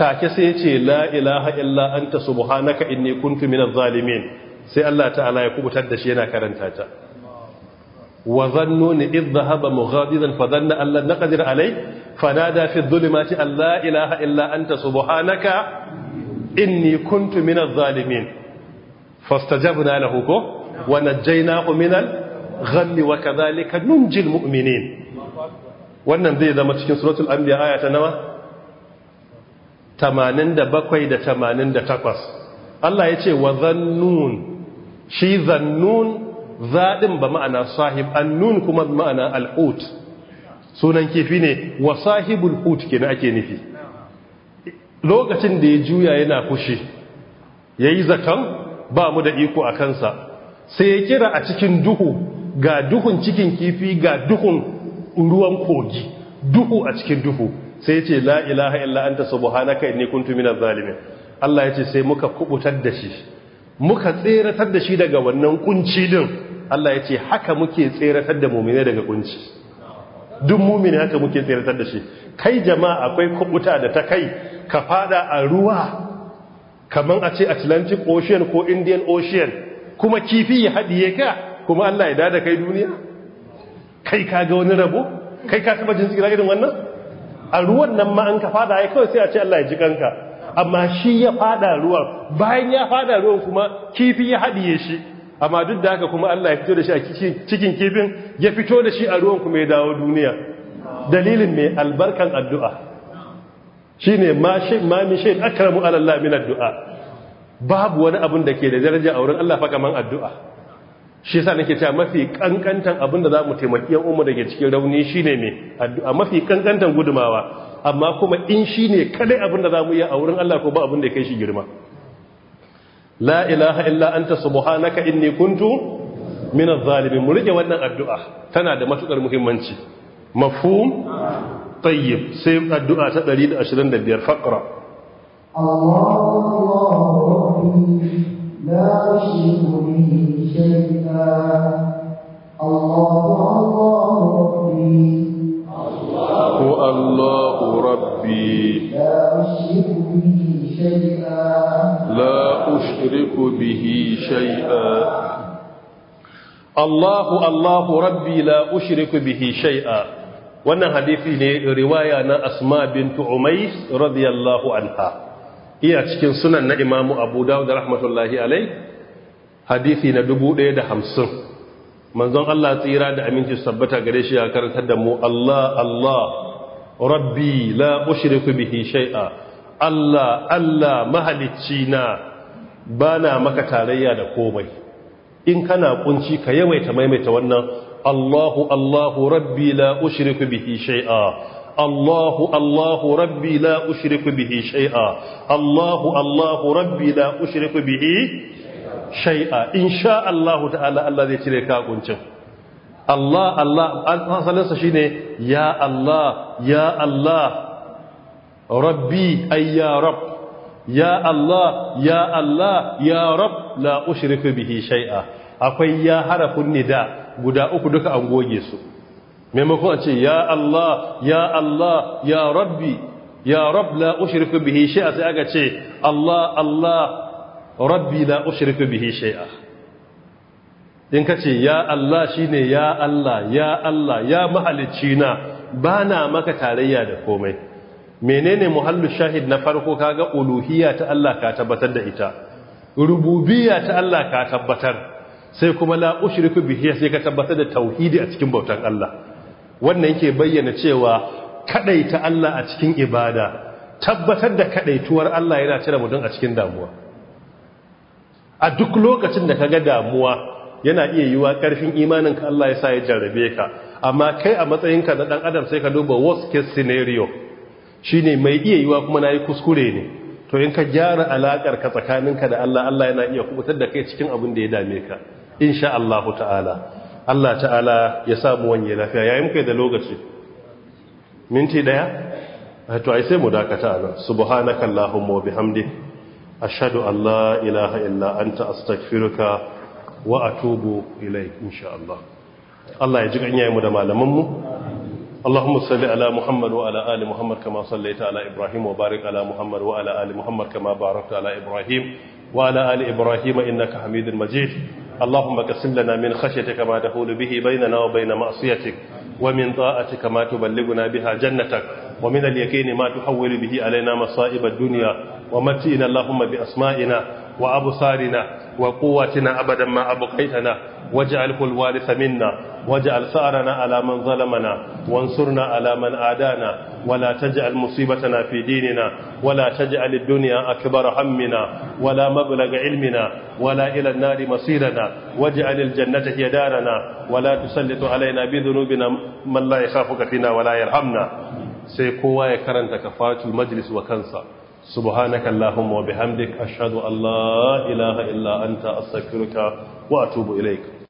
take sai ya ce la ilaha illa anta in inni kuntu minaz zalimin sai Allah ta'ala ya kubutar da shi yana karanta ta wa zannuni haɓa mu mughadidan fa dhanna an lan naqdir alai fanada fi dhulumati an allah ilaha illa anta in inni kuntu minaz zalimin fastajabna lahu ko wa najjaynahu minal ghammi wa kadhalika nunjil mu'minin wannan zai zama cikin suratul anbiya aya ta nawa 87 da 88 Allah ya ce wa zannun shi zannun zaɗin ba ma'ana sahib annun kuma ma'ana al'ut sunan kifi ne wa sahibul hut ke ake nufi lokacin da ya juya yana fushi ya yi zakan ba mu da iko a kansa sai ya kira a cikin duhu ga duhun cikin kifi ga duhun ruwan kogi duhu a cikin duhu sai ce la ilaha illa anta subhanaka inni kuntu minaz zalimin Allah ya sai muka kubutar da shi muka tseratar da shi daga wannan kunci din Allah yace haka muke tseratar da mu'mini daga kunci duk mu'mini haka muke tseratar da shi kai jama'a akwai kubuta da ta kai ka fada a ruwa kaman a ce Atlantic Ocean ko Indian Ocean kuma kifi ya hadiye ka kuma Allah ya dada kai duniya kai ka ga wani rabo kai ka taɓa jin tsira irin wannan a ruwan nan ma an ka fada ya kawai sai a ce Allah ya ji kanka amma shi ya fada ruwan bayan ya fada ruwan kuma kifi ya haɗiye shi amma duk da haka kuma Allah ya fito da shi a cikin kifin ya fito da shi a ruwan kuma ya dawo duniya dalilin mai albarkan addu'a shi ne mamin shi akramu alallah min addu'a babu wani abin da ke da daraja a wurin Allah fa kaman addu'a shi sa nake cewa mafi kankantan abin da za mu taimaki yan umma daga cikin rauni shine me A mafi kankantan gudumawa amma kuma in shine kadai abin da za mu yi a wurin Allah ko ba abin da ya kai shi girma la ilaha illa anta subhanaka inni kuntu minaz zalimin mu rike wannan addu'a tana da matukar muhimmanci mafhum tayyib sai addu'a ta 125 faqra Allahu Akbar لا أشرك به شيئا الله الله ربي الله الله ربي لا أشرك به شيئا لا أشرك به شيئا الله الله ربي لا أشرك به شيئا wannan hadisi ne riwaya na asma bintu umais radiyallahu anha iya cikin sunan na imamu abu dawud rahmatullahi alai hadisi na dubu ɗaya da hamsin manzon Allah tsira da aminci sabbata gare shi ya karantar da mu Allah Allah rabbi la ushriku bihi shay'a Allah Allah mahalicci na bana maka tarayya da komai in kana kunci ka yawaita maimaita wannan Allahu Allahu rabbi la ushriku bihi shay'a الله الله ربي لا أشرك به شيئا الله الله ربي لا أشرك به شيئا إن شاء الله تعالى الله ذي تلك أقنشن الله الله أصلا شيني يا الله يا الله ربي أي يا رب يا الله يا الله يا رب لا أشرك به شيئا akwai ya harafin nida guda uku duka an goge su maimakon a ce ya Allah ya Allah ya rabbi ya rabbi la ushriku bihi shay'a sai aka ce Allah Allah rabbi la ushriku bihi shay'a in ka ce ya Allah shine ya Allah ya Allah ya mahalicci na bana maka tarayya da komai menene muhallu shahid na farko kaga uluhiyya ta Allah ka tabbatar da ita rububiyya ta Allah ka tabbatar sai kuma la ushriku bihi sai ka tabbatar da tauhidi a cikin bautan Allah wannan yake bayyana cewa kadaita Allah a cikin ibada tabbatar da kadaituwar Allah yana cire mutum a cikin damuwa a duk lokacin da kaga damuwa yana iya yiwa karfin imanin ka Allah ya sa ya jarrabe ka amma kai a matsayin ka na dan adam sai ka duba worst case scenario shine mai iya yiwa kuma nayi kuskure ne to in ka gyara alakar ka tsakaninka da Allah Allah yana iya kubutar da kai cikin abin da ya dame ka insha Allah ta'ala Allah ta'ala ya samu wanye lafiya yayin kai da lokaci minti ɗaya to ai sai mu dakata nan subhanaka allahumma wa bihamdik ashhadu an la ilaha illa anta astaghfiruka wa atubu ilaik insha Allah Allah ya ji ganyayen mu da malaman mu اللهم صل Ali Muhammad kama آل محمد Ibrahim wa على ala وبارك على محمد وعلى آل محمد كما باركت على إبراهيم وعلى آل إبراهيم إنك حميد مجيد اللهم قسم لنا من خشيتك ما تحول به بيننا وبين معصيتك ومن طاعتك ما تبلغنا بها جنتك ومن اليقين ما تحول به علينا مصائب الدنيا ومتئنا اللهم بأسمائنا وأبصارنا وقوتنا أبدا ما أبقيتنا واجعله الوارث منا واجعل ثأرنا على من ظلمنا وانصرنا على من عادانا ولا تجعل مصيبتنا في ديننا ولا تجعل الدنيا أكبر همنا ولا مبلغ علمنا ولا إلى النار مصيرنا واجعل الجنة هي دارنا ولا تسلط علينا بذنوبنا من لا يخافك فينا ولا يرحمنا سيكون كرنت كفاة المجلس وكنصر subhanaka allahumma wa bihamdik ashhadu an la ilaha illa anta astaghfiruka wa atubu ilaik